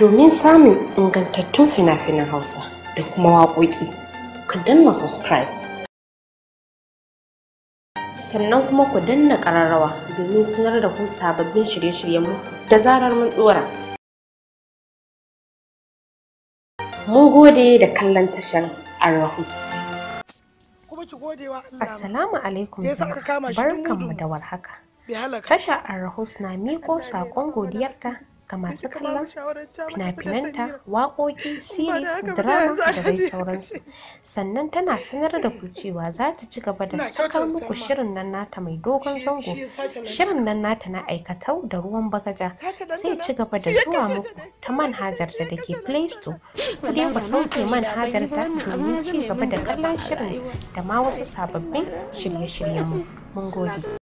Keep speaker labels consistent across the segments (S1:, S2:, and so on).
S1: domin samun ingantattun fina-finan Hausa da kuma waƙoƙi, ku danna
S2: subscribe. Sannan kuma ku danna ƙararrawa domin sanar da ku sababbin shirye-shiryenmu da zarar mun ɗora. Mun gode da kallon tashar Arahus.
S1: Assalamu alaikum barkanmu da warhaka. Tasha Arahus na miko saƙon godiyarta kamar masu kallon fina-finanta waƙoƙi series drama da dai sauransu sannan tana sanar da ku cewa za ta ci gaba da sakar muku shirin nan nata mai dogon zango shirin nan nata na aikatau da ruwan bagaja sai ci gaba da zuwa muku ta manhajar da dake play store ku dai sauke manhajar ta domin ci gaba da kallon
S2: shirin da ma wasu sababbin shirye-shiryenmu mun gode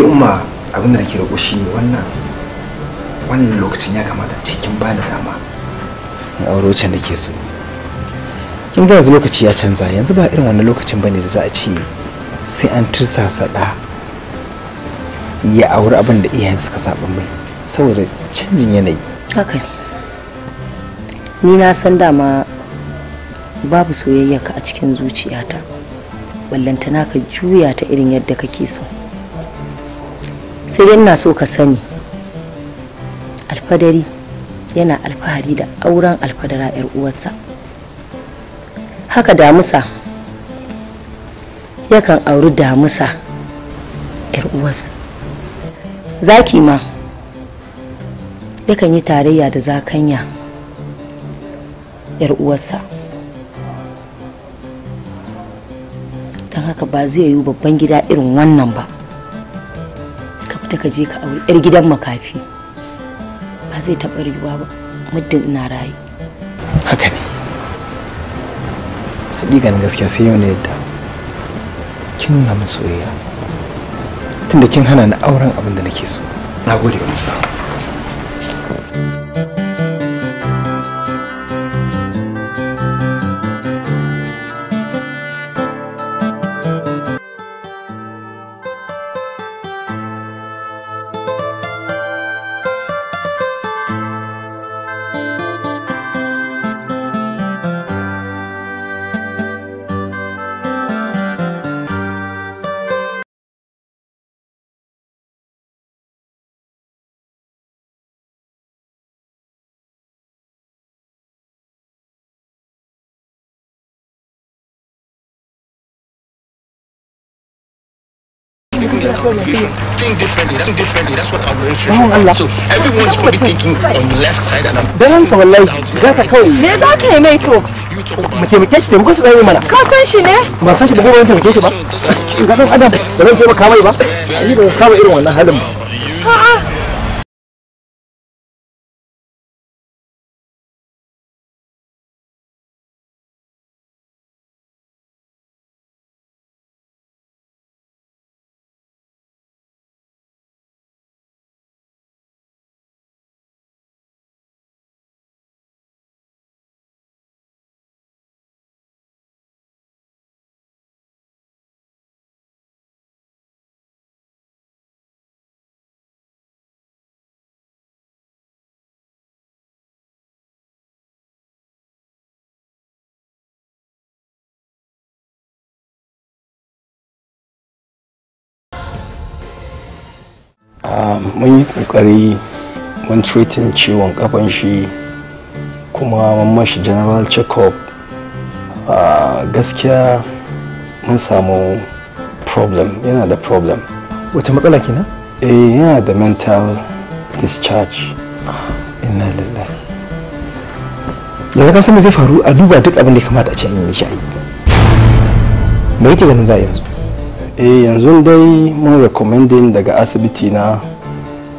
S3: ke umma abin da nake roƙo shi ne wannan wannan lokacin ya kamata cikin ba ni dama in auro can da ke so kin ga yanzu lokaci ya canza yanzu ba irin wannan lokacin bane da za a ce sai an tursa da ya auri abin da iyayen suka saba mai saboda canjin yanayi
S1: haka ne ni na san dama babu ka a cikin zuciyata ballantana ka juya ta irin yadda kake so sai dai ina so ka sani alfadari yana alfahari da auren alfadara 'yar uwarsa haka damusa yakan auri damusa 'yar uwarsa zaki ma yakan yi tarayya da zakanya 'yar uwarsa don haka ba zai yi babban gida irin wannan ba ta ka je ka auri 'yar gidan makafi ba zai taɓa riwa ba muddin ina rayu haka ne
S3: hakikanin gaskiya sai yau na yadda kin na min soyayya tunda kin hana ni auren abin da nake so na gode wa
S2: Think differently. Think differently. That's what I'm referring to. So
S3: everyone's probably thinking on the left side and I'm balance our life. That's kawai. point. There's ka yi mai to? Mu taimake shi taimako su tsaye mana. Ka san shi ne? Ba san shi ba ko taimake shi ba. Ga dan adam da zan taimaka mai ba. Ni ba ka irin wannan halin ba.
S2: A'a. Ah, mun yi kokari
S3: mun treatin ciwon kafan shi kuma mun mashi general check-up ah, gaskiya mun samu problem yana da problem wata matsala kina. eh yana da mental discharge inna lillahi yanzu ka san me zai faru a duba duk abin da ya kamata a ce an yi shi me yake ganin za yanzu eh yanzu dai mun recommending daga asibiti na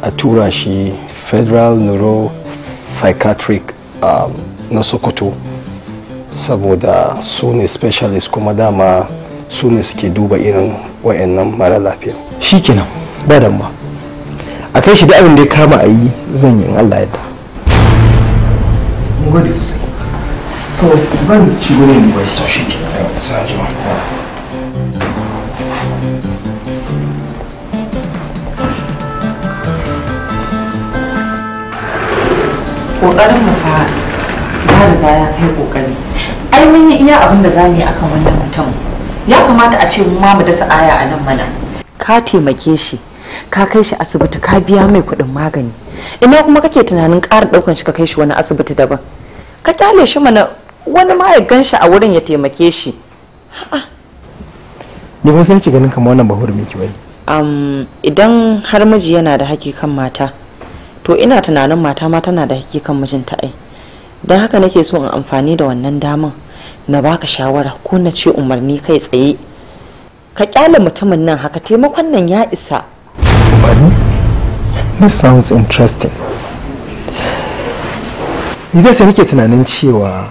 S3: a tura shi federal neuropsychiatric um, na sokoto saboda su ne specialist kuma dama su ne suke duba irin wayannan mara lafiya shikenan ba ma a kai shi da abin da ya kama a yi zan yi in allah yadda mun gode sosai so zan ci gudun da shi kenan sai a
S4: kokarin mu fa ya riga ya kai kokari ai mun yi iya abin da za mu yi akan wannan mutum ya kamata a ce mu ma mu dasa aya a nan mana ka taimake shi ka kai shi asibiti ka biya mai kuɗin magani ina kuma kake tunanin ƙara ɗaukan shi ka kai shi wani asibiti daban ka kyale shi mana wani ma ya gan shi a wurin ya taimake shi
S3: ne kuma sai ganin kamar wannan ba hurumin ki bane
S4: idan har miji yana da haƙi kan mata to ina tunanin mata ma tana da hakikan mijinta ai don haka nake so in amfani da wannan daman na baka shawara ko na ce umarni kai tsaye ka kyale mutumin nan haka taimakon nan ya isa
S3: umarni this sounds interesting idan sai nake tunanin cewa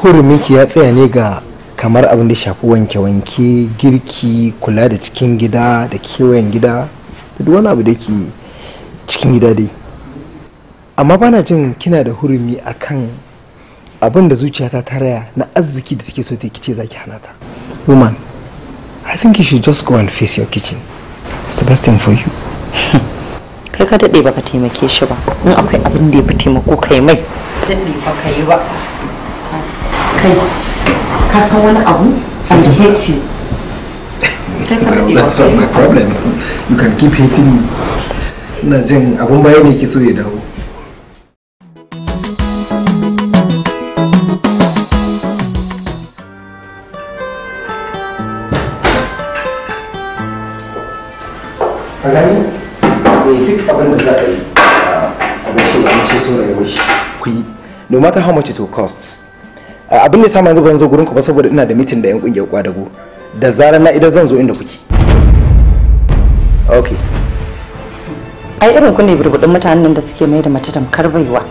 S3: huruminki ya tsaya ne ga kamar abin da shafi wanke-wanke girki kula da cikin gida da kewayen gida duk wani abu da ke cikin gida dai amma bana jin kina da hurumi kan abin da zuciyata ta raya na arziki da take so ta kice zaki hana ta woman i think you should just go and face your kitchen it's the best thing for you kai ka daɗe baka taimake shi ba
S4: in akwai abin da ya fi taimako kai mai daɗe baka yi ba
S3: kai ka san wani abu i hate you well, that's not my problem you can keep hating me Na jin abun baya ne ke so ya dawo ka ya eh duk abin da za a yi ah, abin shi ne ceto rayuwar shi ku yi no matter how much it will cost ah, abin da sama yanzu ban zo gurin ku ba saboda ina da meeting da yan kungiyar kwadago da zarar na idan zan zo inda kuke okay ai irin ku ne burbudin mutanen nan da suke
S4: mai da mace tamkar baiwa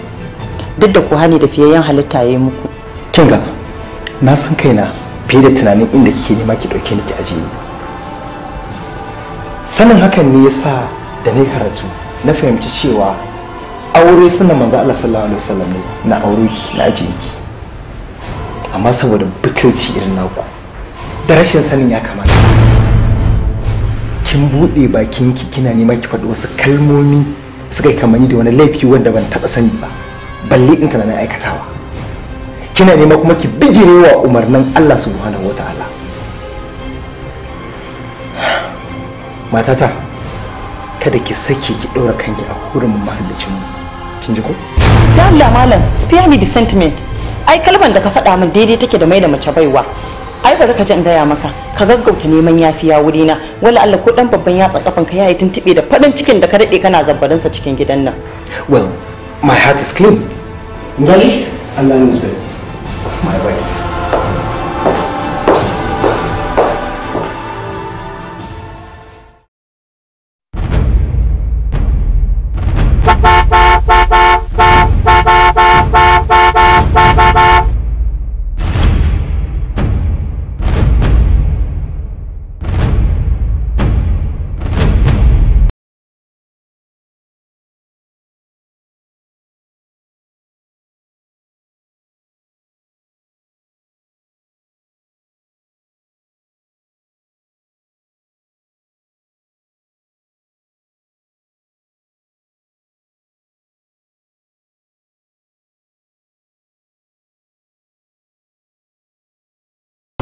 S4: duk da ku hani da fiyayyen halitta ya yi muku
S3: kinga na san kaina fiye da tunanin inda kike nema ki dauke ni ki ajiye ni sanin hakan ne yasa da ni karatu na fahimci cewa aure suna manzo Allah sallallahu alaihi wasallam ne na aure na ajiye amma saboda butulci irin naku da rashin sanin ya kamata kin buɗe bakinki kina nema ki faɗi wasu kalmomi suka yi kamani da wani laifi wanda ban taɓa sani ba balle in tunanin aikatawa kina nema kuma ki bijirewa umarnin Allah subhanahu wataala matata kada ki sake ki ɗora kanki a hurumin mahallicin mu kin ji ko
S4: da Allah malam spare me the sentiment ai kalmar da ka faɗa min daidai take da mai da mace baiwa ai ba ka in gaya maka ka gaggauta neman yafiya wuri na wala Allah ko dan babban yatsa kafan ka yayi tuntube da faɗin cikin da ka daɗe kana zabbarin sa cikin gidan nan
S3: well my heart is clean Ngaji, Allah knows best. My wife.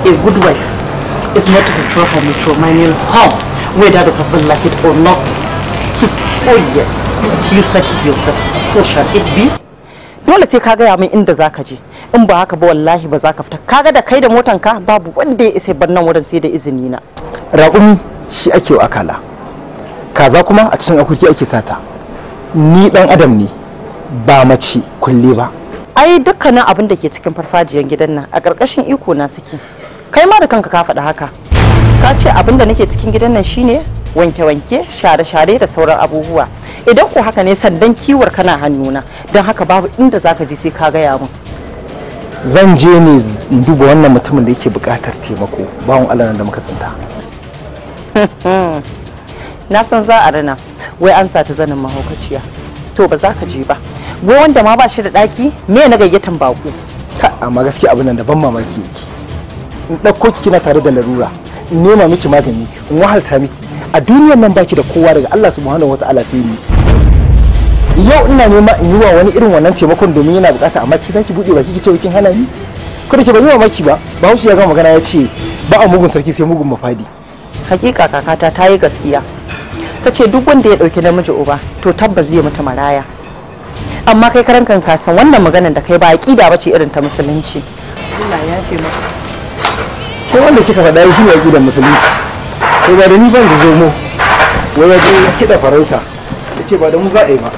S2: a good wife is not to withdraw her matrimonial home,
S4: whether the husband like it or not. to oh yes, you said it yourself. So shall it be. Dole sai ka gaya min inda za ka je, in ba haka ba wallahi ba za ka fita. Kaga da kai da motanka babu wanda ya isa bannan wurin sai da izini na.
S3: Raƙumi shi ake wa akala. Kaza kuma a cikin akuki ake sata. Ni dan adam ne ba mace kulle ba.
S4: Ai dukkanin abin da ke cikin farfajiyar gidan nan a ƙarƙashin iko na suke. kai ma da kanka ka faɗi haka ka ce abin da nake cikin gidan nan shine wanke-wanke share-share da sauran abubuwa idan ko haka ne sandan kiwar kana hannuna don haka babu inda zaka ji sai ka gaya mun
S3: zan je ne in duba wannan mutumin da yake buƙatar taimako bawon allah da muka tsinta
S4: na san za a rana wai an ta zanin mahaukaciya to ba za ka
S3: je ba gwai wanda ma ba shi da ɗaki me na gayyatan baku amma gaskiya abin nan da ban mamaki yake in ɗauko ki kina tare da larura in nema miki magani in wahalta miki a duniyar nan baki da kowa daga Allah subhanahu wataala sai ni yau ina nema in yi wa wani irin wannan taimakon domin yana bukata amma ki zaki bude baki kin hana ni ko da ke wa maki mamaki ba bahaushe ya ga magana ya ce ba a mugun sarki sai mugun mafadi
S4: hakika kakata ta yi gaskiya ta ce duk wanda ya dauki namiji uba to tabbas zai mata maraya amma kai karan kan kasan wannan maganar da kai ba aqida bace irin ta musulunci
S3: Allah ya fi maka ko wanda kika faɗa shi ne da musulunci to ba da ni ban da zomo wai waje kiɗa farauta ya ce ba da mu za a yi ba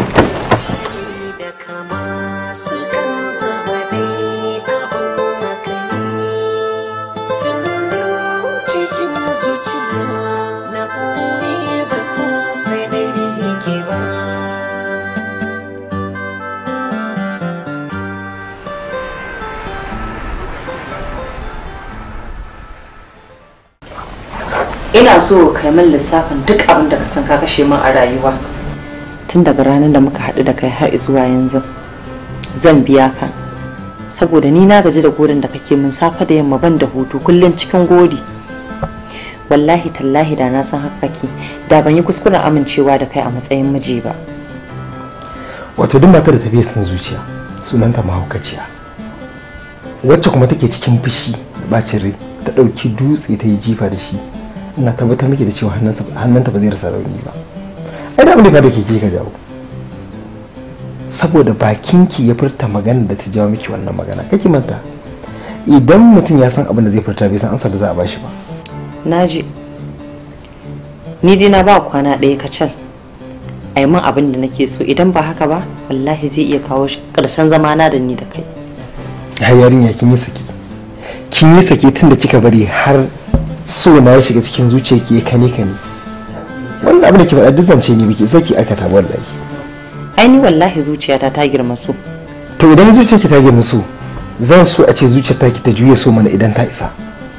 S4: ina so kai min lissafin duk abin da ka san ka kashe min a rayuwa tun daga ranar da muka haɗu da kai har zuwa yanzu zan biya ka saboda ni na gaji da gorin da kake min safe da yamma ban da hutu kullum cikin gori wallahi tallahi da na san haka kake da ban yi kuskuren amincewa da kai a matsayin miji ba
S3: wato duk matar da tafiye sun zuciya sunanta mahaukaciya wacce kuma take cikin fushi da bacin rai ta ɗauki dutse ta yi jifa da shi ina tabbatar miki da cewa hannunta ba zai rasa rauni ba ai da abin da kike ka jawo saboda bakinki ya furta magana da ta jawo miki wannan magana kake manta idan mutum ya san abin da zai furta bai san ansa da za a bashi ba
S4: naji ni dai na ba kwana ɗaya kacal a yi min abin da nake so idan ba haka ba wallahi zai iya kawo ƙarshen zamana da ni da kai
S3: har yarinya kin yi saki kin yi saki tun da kika bari har so na ya shiga cikin zuciya ki kane kane wannan abin da ke faɗa duk zance ne biki saki ta wallahi
S4: ai wallahi zuciyata ta girma so
S3: to idan zuciyarki ta girma so zan so a ce zuciyar ki ta juye so mana idan ta isa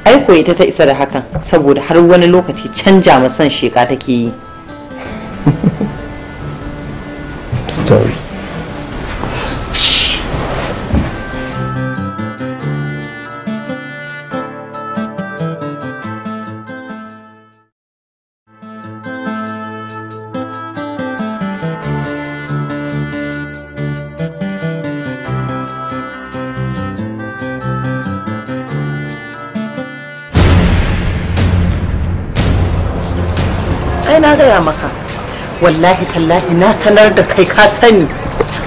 S4: ai ko ita ta isa da hakan saboda har wani lokaci canja ma son sheka take yi
S3: story
S4: na gaya maka wallahi tallahi na sanar da kai ka sani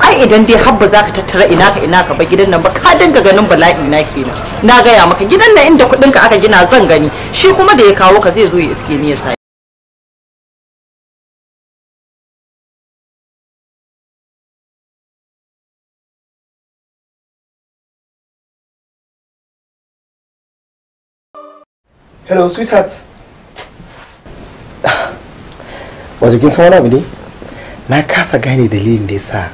S4: ai idan dai habba za ka tattara ina ka ina ka ba gidan nan ba ka dinga ganin bala'i na kenan na
S2: gaya maka gidan nan inda kuɗin ka aka gina zan gani shi kuma da ya kawo ka zai zo ya iske ni ya sa Hello, sweetheart.
S3: wato kin san wani abu ne na kasa gane dalilin da yasa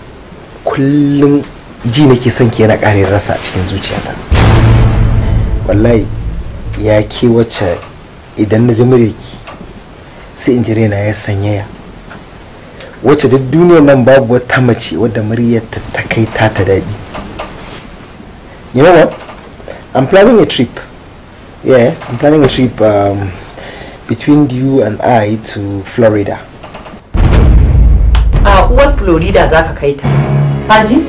S3: kullum ji nake son ki yana karin rasa a cikin zuciyata wallahi ya ke wacce idan na ji ki sai in ji raina ya sanyaya wacce duk duniyar nan babu wata mace wadda muryarta ta kai ta ta daɗi you know what i'm planning a trip yeah i'm planning a trip um, between you and i to florida
S4: sabuwar florida za ka kai ta haji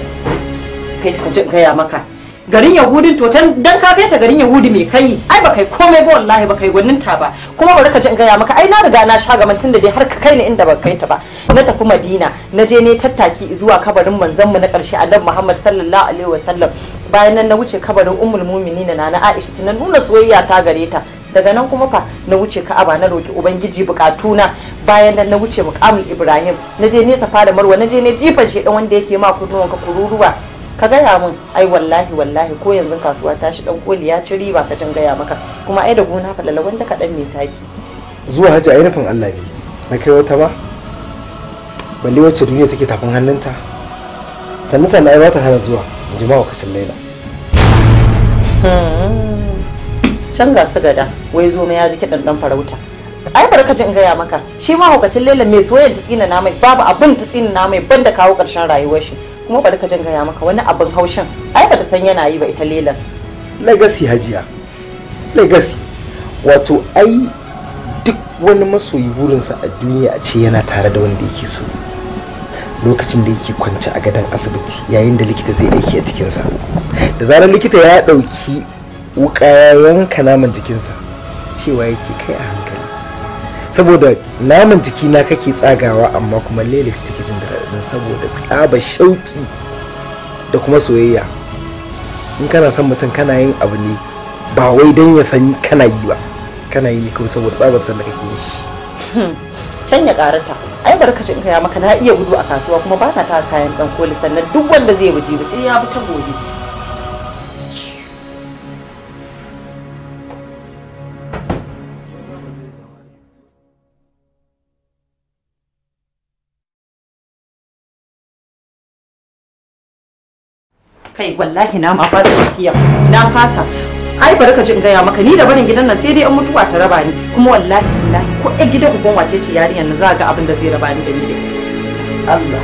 S4: ya maka garin yahudin totan dan ka kai garin yahudi mai kai ai ba kai komai ba wallahi ba kai ta ba kuma bari ka ji gaya maka ai na riga na sha gaman tun da dai har ka kai ni inda ba kai ta ba na tafi madina na je ne tattaki zuwa kabarin manzon mu na karshe annabi muhammad sallallahu alaihi wasallam bayan nan na wuce kabarin umul mumini na na Aisha na nuna soyayya ta gare ta daga nan kuma fa na wuce Ka'aba na roki ubangiji bukatuna bayan nan na wuce muqamul Ibrahim na je nesa fara Marwa na je ne jifan shedan wanda yake ma kunnuwan ka kururuwa ka gaya min ai wallahi wallahi ko yanzu kasuwa ta shi dan koli ya ci riba ka jin gaya maka kuma ai da gona fa lalawan da kadan me taki
S3: zuwa haji ai nufin Allah ne na kai wata ba balle wacce duniya take tafin hannunta sannan sannan ai ba ta hana zuwa jima wa kasan laila
S4: hmm. can ga su gada wai zo ya ji kiɗan ɗan farauta ai barkacin in gaya maka shi ma hukacin laila mai soyayyar ta tsina na mai babu abin ta tsina na mai banda kawo ƙarshen rayuwar shi kuma barkacin gaya maka wani abin haushin ai ba ta san yana yi ba ita lailan
S3: legacy hajiya legacy wato ai duk wani masoyi burinsa a duniya a ce yana tare da wanda yake so lokacin da yake kwance a gadon asibiti yayin da likita zai aiki a jikinsa da zarar likita ya ɗauki wuka ya yanka naman jikinsa cewa yake kai a hankali saboda naman jiki na kake tsagawa amma kuma ta take jin daɗin saboda tsaba shauki da kuma soyayya in kana son mutum kana yin abu ne ba wai don ya san kana yi ba kana yi ne kawai saboda tsabar san da kake yi shi
S4: hmm. can ya karata ai barkacin in ya maka na iya gudu a kasuwa kuma ba na ta kayan dan koli sannan duk wanda zai buji ba sai ya bi ta gobe
S2: kai wallahi na ma fasa kiyam na fasa
S4: ai bari ka ji gaya maka ni da barin gidan nan sai dai an mutuwa ta raba ni kuma wallahi wallahi ko ai gidan ku wace ce yarinyar nan za ga abin da zai raba ni da ni dai Allah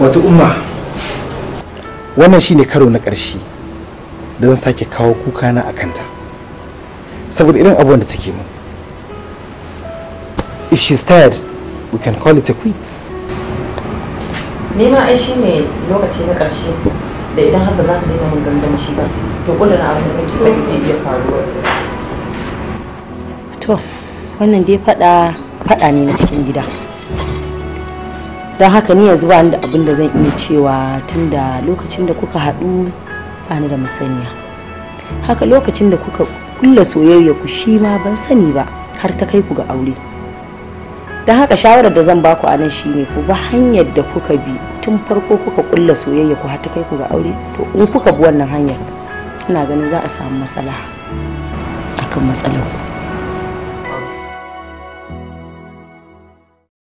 S2: wata umma
S3: wannan shine karo na ƙarshe da zan sake kawo kuka na kanta saboda irin abubuwan da take mun. if she's tired we can call it a quits
S4: nema ai shi ne lokaci na ƙarshe da idan haka za ka daina yin ganganci ba to ƙudurin abin da kake da zai iya faruwa
S1: to wannan dai faɗa faɗa ne na cikin gida don haka ni yanzu ba da abin da zan iya cewa tun da lokacin da kuka haɗu ba ni da masaniya haka lokacin da kuka kulla soyayya ku shi ma ban sani ba har ta kai ku ga aure don haka shawarar da zan baku a nan shine ku ba hanyar da kuka bi tun farko kuka kulla soyayya ku har ta kai ku ga aure to in kuka bi wannan hanyar ina ganin za a samu matsala
S2: akan matsalar ku